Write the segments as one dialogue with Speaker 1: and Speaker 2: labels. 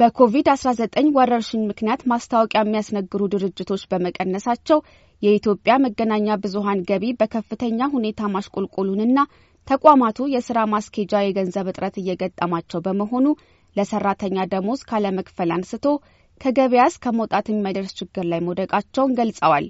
Speaker 1: በኮቪድ-19 ወረርሽኝ ምክንያት ማስታወቂያ የሚያስነግሩ ድርጅቶች በመቀነሳቸው የኢትዮጵያ መገናኛ ብዙሃን ገቢ በከፍተኛ ሁኔታ ማሽቆልቆሉንና ተቋማቱ የስራ ማስኬጃ የገንዘብ እጥረት እየገጠማቸው በመሆኑ ለሰራተኛ ደሞዝ ካለመክፈል አንስቶ ከገበያ እስከ መውጣት የሚያደርስ ችግር ላይ መውደቃቸውን ገልጸዋል።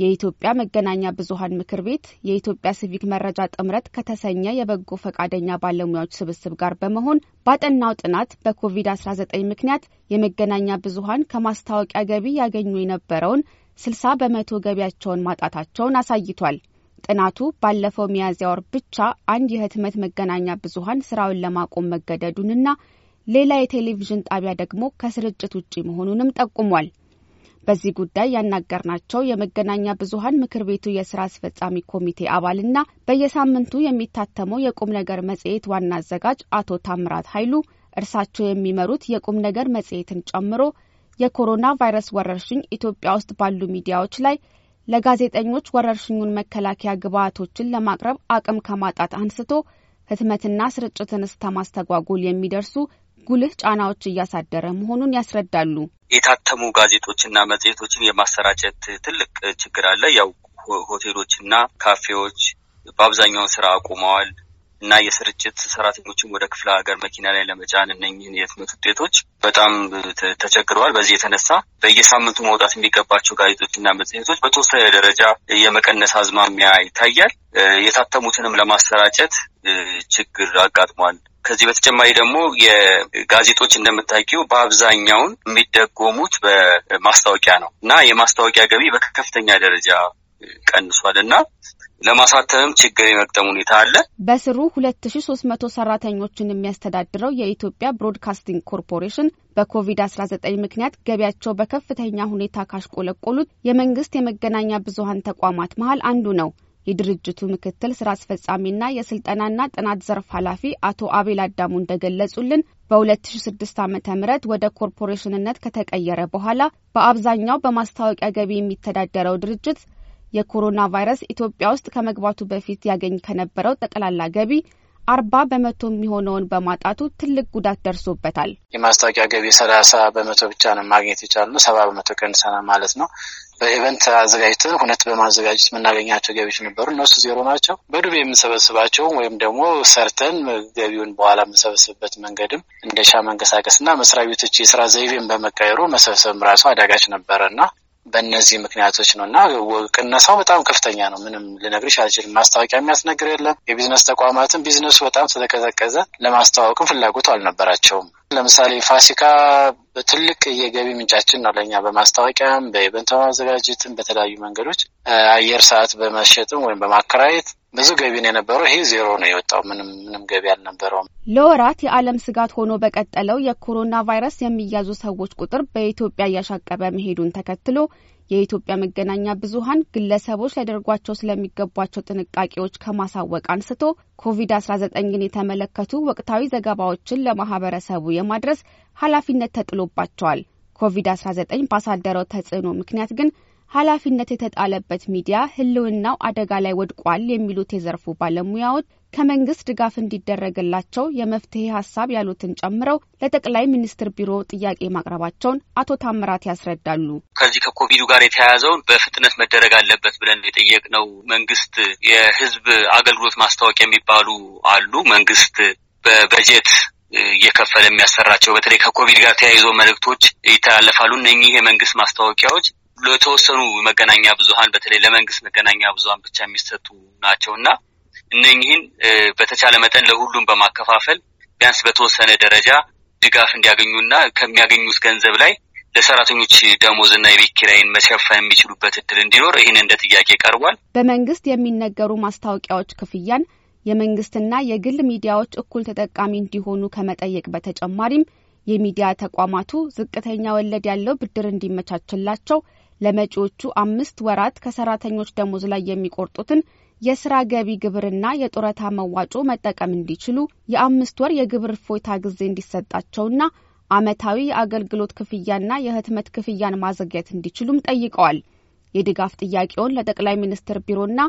Speaker 1: የኢትዮጵያ መገናኛ ብዙሀን ምክር ቤት የኢትዮጵያ ሲቪክ መረጃ ጥምረት ከተሰኘ የበጎ ፈቃደኛ ባለሙያዎች ስብስብ ጋር በመሆን ባጠናው ጥናት በኮቪድ-19 ምክንያት የመገናኛ ብዙሀን ከማስታወቂያ ገቢ ያገኙ የነበረውን 60 በመቶ ገቢያቸውን ማጣታቸውን አሳይቷል። ጥናቱ ባለፈው ሚያዝያ ወር ብቻ አንድ የህትመት መገናኛ ብዙሀን ስራውን ለማቆም መገደዱንና ሌላ የቴሌቪዥን ጣቢያ ደግሞ ከስርጭት ውጪ መሆኑንም ጠቁሟል። በዚህ ጉዳይ ያናገርናቸው የመገናኛ ብዙሀን ምክር ቤቱ የስራ አስፈጻሚ ኮሚቴ አባልና በየሳምንቱ የሚታተመው የቁም ነገር መጽሔት ዋና አዘጋጅ አቶ ታምራት ኃይሉ እርሳቸው የሚመሩት የቁም ነገር መጽሔትን ጨምሮ የኮሮና ቫይረስ ወረርሽኝ ኢትዮጵያ ውስጥ ባሉ ሚዲያዎች ላይ ለጋዜጠኞች ወረርሽኙን መከላከያ ግብዓቶችን ለማቅረብ አቅም ከማጣት አንስቶ ህትመትና ስርጭትን እስከ ማስተጓጎል የሚደርሱ ጉልህ ጫናዎች እያሳደረ መሆኑን ያስረዳሉ።
Speaker 2: የታተሙ ጋዜጦችና መጽሔቶችን የማሰራጨት ትልቅ ችግር አለ። ያው ሆቴሎችና ካፌዎች በአብዛኛው ስራ አቁመዋል እና የስርጭት ሰራተኞችን ወደ ክፍለ ሀገር መኪና ላይ ለመጫን እነኝህን የህትመት ውጤቶች በጣም ተቸግረዋል። በዚህ የተነሳ በየሳምንቱ መውጣት የሚገባቸው ጋዜጦችና መጽሔቶች በተወሰነ ደረጃ የመቀነስ አዝማሚያ ይታያል። የታተሙትንም ለማሰራጨት ችግር አጋጥሟል። ከዚህ በተጨማሪ ደግሞ የጋዜጦች እንደምታውቂው በአብዛኛውን የሚደጎሙት በማስታወቂያ ነው እና የማስታወቂያ ገቢ በከፍተኛ ደረጃ ቀንሷል እና ለማሳተምም ችግር የመግጠም ሁኔታ አለ።
Speaker 1: በስሩ ሁለት ሺ ሶስት መቶ ሰራተኞችን የሚያስተዳድረው የኢትዮጵያ ብሮድካስቲንግ ኮርፖሬሽን በኮቪድ አስራ ዘጠኝ ምክንያት ገቢያቸው በከፍተኛ ሁኔታ ካሽቆለቆሉት የመንግስት የመገናኛ ብዙሀን ተቋማት መሀል አንዱ ነው። የድርጅቱ ምክትል ስራ አስፈጻሚና የስልጠናና ጥናት ዘርፍ ኃላፊ አቶ አቤል አዳሙ እንደገለጹልን በ2006 ዓ ም ወደ ኮርፖሬሽንነት ከተቀየረ በኋላ በአብዛኛው በማስታወቂያ ገቢ የሚተዳደረው ድርጅት የኮሮና ቫይረስ ኢትዮጵያ ውስጥ ከመግባቱ በፊት ያገኝ ከነበረው ጠቅላላ ገቢ አርባ በመቶ የሚሆነውን በማጣቱ ትልቅ ጉዳት ደርሶበታል።
Speaker 3: የማስታወቂያ ገቢ ሰላሳ በመቶ ብቻ ነው ማግኘት የቻልነው፣ ሰባ በመቶ ቀንሰናል ማለት ነው። በኢቨንት አዘጋጅተን ሁነት በማዘጋጀት የምናገኛቸው ገቢዎች ነበሩ። እነሱ ዜሮ ናቸው። በዱቤ የምንሰበስባቸው ወይም ደግሞ ሰርተን ገቢውን በኋላ የምንሰበስብበት መንገድም እንደሻ መንቀሳቀስ እና መስሪያ ቤቶች የስራ ዘይቤን በመቀየሩ መሰብሰብም ራሱ አዳጋች ነበረ እና በእነዚህ ምክንያቶች ነው እና ቅነሳው በጣም ከፍተኛ ነው። ምንም ልነግርሽ አልችልም። ማስታወቂያ የሚያስነግር የለም። የቢዝነስ ተቋማትን ቢዝነሱ በጣም ስለተቀዘቀዘ ለማስተዋወቅም ፍላጎቱ አልነበራቸውም። ለምሳሌ ፋሲካ ትልቅ የገቢ ምንጫችን ነው ለእኛ በማስታወቂያም በኢቨንት ማዘጋጀትም፣ በተለያዩ መንገዶች አየር ሰዓት በመሸጥም ወይም በማከራየት ብዙ ገቢ ነው የነበረው። ይሄ ዜሮ ነው የወጣው። ምንም ምንም ገቢ አልነበረውም።
Speaker 1: ለወራት የዓለም ስጋት ሆኖ በቀጠለው የኮሮና ቫይረስ የሚያዙ ሰዎች ቁጥር በኢትዮጵያ እያሻቀበ መሄዱን ተከትሎ የኢትዮጵያ መገናኛ ብዙኃን ግለሰቦች ሊያደርጓቸው ስለሚገቧቸው ጥንቃቄዎች ከማሳወቅ አንስቶ ኮቪድ-19ን የተመለከቱ ወቅታዊ ዘገባዎችን ለማህበረሰቡ የማድረስ ኃላፊነት ተጥሎባቸዋል። ኮቪድ-19 ባሳደረው ተጽዕኖ ምክንያት ግን ኃላፊነት የተጣለበት ሚዲያ ህልውናው አደጋ ላይ ወድቋል የሚሉት የዘርፉ ባለሙያዎች ከመንግስት ድጋፍ እንዲደረግላቸው የመፍትሄ ሀሳብ ያሉትን ጨምረው ለጠቅላይ ሚኒስትር ቢሮ ጥያቄ ማቅረባቸውን አቶ ታምራት ያስረዳሉ።
Speaker 2: ከዚህ ከኮቪዱ ጋር የተያያዘውን በፍጥነት መደረግ አለበት ብለን የጠየቅነው መንግስት የህዝብ አገልግሎት ማስታወቂያ የሚባሉ አሉ። መንግስት በበጀት እየከፈለ የሚያሰራቸው በተለይ ከኮቪድ ጋር ተያይዞ መልእክቶች ይተላለፋሉ። እነኚህ የመንግስት ማስታወቂያዎች ለተወሰኑ መገናኛ ብዙሀን በተለይ ለመንግስት መገናኛ ብዙሀን ብቻ የሚሰጡ ናቸው እና እነኚህን በተቻለ መጠን ለሁሉም በማከፋፈል ቢያንስ በተወሰነ ደረጃ ድጋፍ እንዲያገኙና ከሚያገኙት ገንዘብ ላይ ለሰራተኞች ደሞዝና የቤት ኪራይን መሸፈን የሚችሉበት እድል እንዲኖር ይህን እንደ ጥያቄ ቀርቧል።
Speaker 1: በመንግስት የሚነገሩ ማስታወቂያዎች ክፍያን የመንግስትና የግል ሚዲያዎች እኩል ተጠቃሚ እንዲሆኑ ከመጠየቅ በተጨማሪም የሚዲያ ተቋማቱ ዝቅተኛ ወለድ ያለው ብድር እንዲመቻችላቸው ለመጪዎቹ አምስት ወራት ከሰራተኞች ደሞዝ ላይ የሚቆርጡትን የስራ ገቢ ግብርና የጡረታ መዋጮ መጠቀም እንዲችሉ የአምስት ወር የግብር እፎይታ ጊዜ እንዲሰጣቸውና አመታዊ የአገልግሎት ክፍያና የህትመት ክፍያን ማዘግየት እንዲችሉም ጠይቀዋል። የድጋፍ ጥያቄውን ለጠቅላይ ሚኒስትር ቢሮና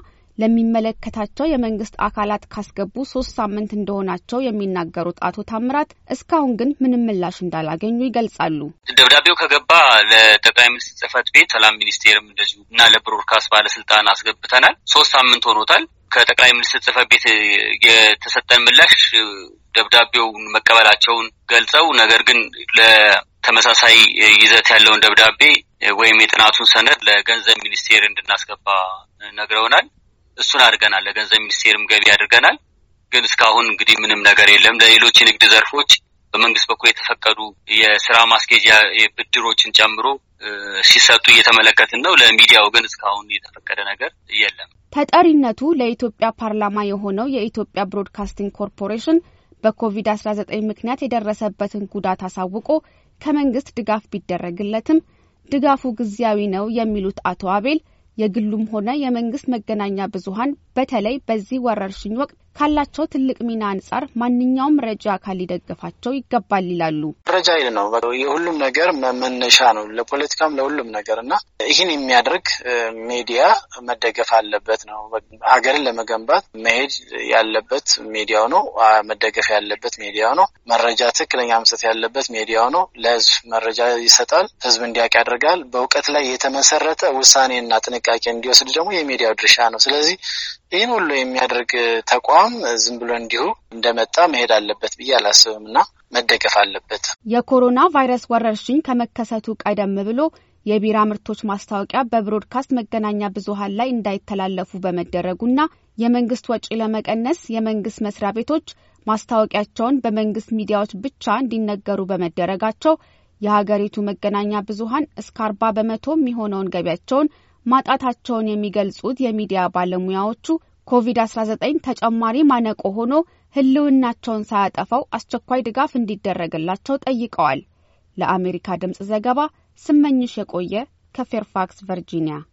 Speaker 1: ለሚመለከታቸው የመንግስት አካላት ካስገቡ ሶስት ሳምንት እንደሆናቸው የሚናገሩት አቶ ታምራት እስካሁን ግን ምንም ምላሽ እንዳላገኙ ይገልጻሉ።
Speaker 2: ደብዳቤው ከገባ ለጠቅላይ ሚኒስትር ጽህፈት ቤት፣ ሰላም ሚኒስቴርም እንደዚሁ እና ለብሮድካስት ባለስልጣን አስገብተናል። ሶስት ሳምንት ሆኖታል። ከጠቅላይ ሚኒስትር ጽህፈት ቤት የተሰጠን ምላሽ ደብዳቤውን መቀበላቸውን ገልጸው ነገር ግን ለተመሳሳይ ይዘት ያለውን ደብዳቤ ወይም የጥናቱን ሰነድ ለገንዘብ ሚኒስቴር እንድናስገባ ነግረውናል። እሱን አድርገናል። ለገንዘብ ሚኒስቴርም ገቢ አድርገናል። ግን እስካሁን እንግዲህ ምንም ነገር የለም። ለሌሎች የንግድ ዘርፎች በመንግስት በኩል የተፈቀዱ የስራ ማስኬጃ ብድሮችን ጨምሮ ሲሰጡ እየተመለከትን ነው። ለሚዲያው ግን እስካሁን የተፈቀደ ነገር የለም።
Speaker 1: ተጠሪነቱ ለኢትዮጵያ ፓርላማ የሆነው የኢትዮጵያ ብሮድካስቲንግ ኮርፖሬሽን በኮቪድ-19 ምክንያት የደረሰበትን ጉዳት አሳውቆ ከመንግስት ድጋፍ ቢደረግለትም ድጋፉ ጊዜያዊ ነው የሚሉት አቶ አቤል የግሉም ሆነ የመንግስት መገናኛ ብዙሀን በተለይ በዚህ ወረርሽኝ ወቅት ካላቸው ትልቅ ሚና አንጻር ማንኛውም ረጂ አካል ሊደገፋቸው ይገባል ይላሉ።
Speaker 3: ረጃ ይል ነው የሁሉም ነገር መነሻ ነው፣ ለፖለቲካም ለሁሉም ነገር እና ይህን የሚያደርግ ሚዲያ መደገፍ አለበት ነው። ሀገርን ለመገንባት መሄድ ያለበት ሚዲያው ነው፣ መደገፍ ያለበት ሚዲያው ነው። መረጃ ትክክለኛ መስጠት ያለበት ሚዲያው ነው። ለህዝብ መረጃ ይሰጣል፣ ህዝብ እንዲያውቅ ያደርጋል። በእውቀት ላይ የተመሰረተ ውሳኔና ጥንቃቄ እንዲወስድ ደግሞ የሚዲያው ድርሻ ነው። ስለዚህ ይህን ሁሉ የሚያደርግ ተቋም ዝም ብሎ እንዲሁ እንደመጣ መሄድ አለበት ብዬ አላስብም እና መደገፍ አለበት።
Speaker 1: የኮሮና ቫይረስ ወረርሽኝ ከመከሰቱ ቀደም ብሎ የቢራ ምርቶች ማስታወቂያ በብሮድካስት መገናኛ ብዙኃን ላይ እንዳይተላለፉ በመደረጉና የመንግስት ወጪ ለመቀነስ የመንግስት መስሪያ ቤቶች ማስታወቂያቸውን በመንግስት ሚዲያዎች ብቻ እንዲነገሩ በመደረጋቸው የሀገሪቱ መገናኛ ብዙኃን እስከ አርባ በመቶ የሚሆነውን ገቢያቸውን ማጣታቸውን የሚገልጹት የሚዲያ ባለሙያዎቹ ኮቪድ-19 ተጨማሪ ማነቆ ሆኖ ሕልውናቸውን ሳያጠፋው አስቸኳይ ድጋፍ እንዲደረግላቸው ጠይቀዋል። ለአሜሪካ ድምፅ ዘገባ ስመኝሽ የቆየ ከፌርፋክስ ቨርጂኒያ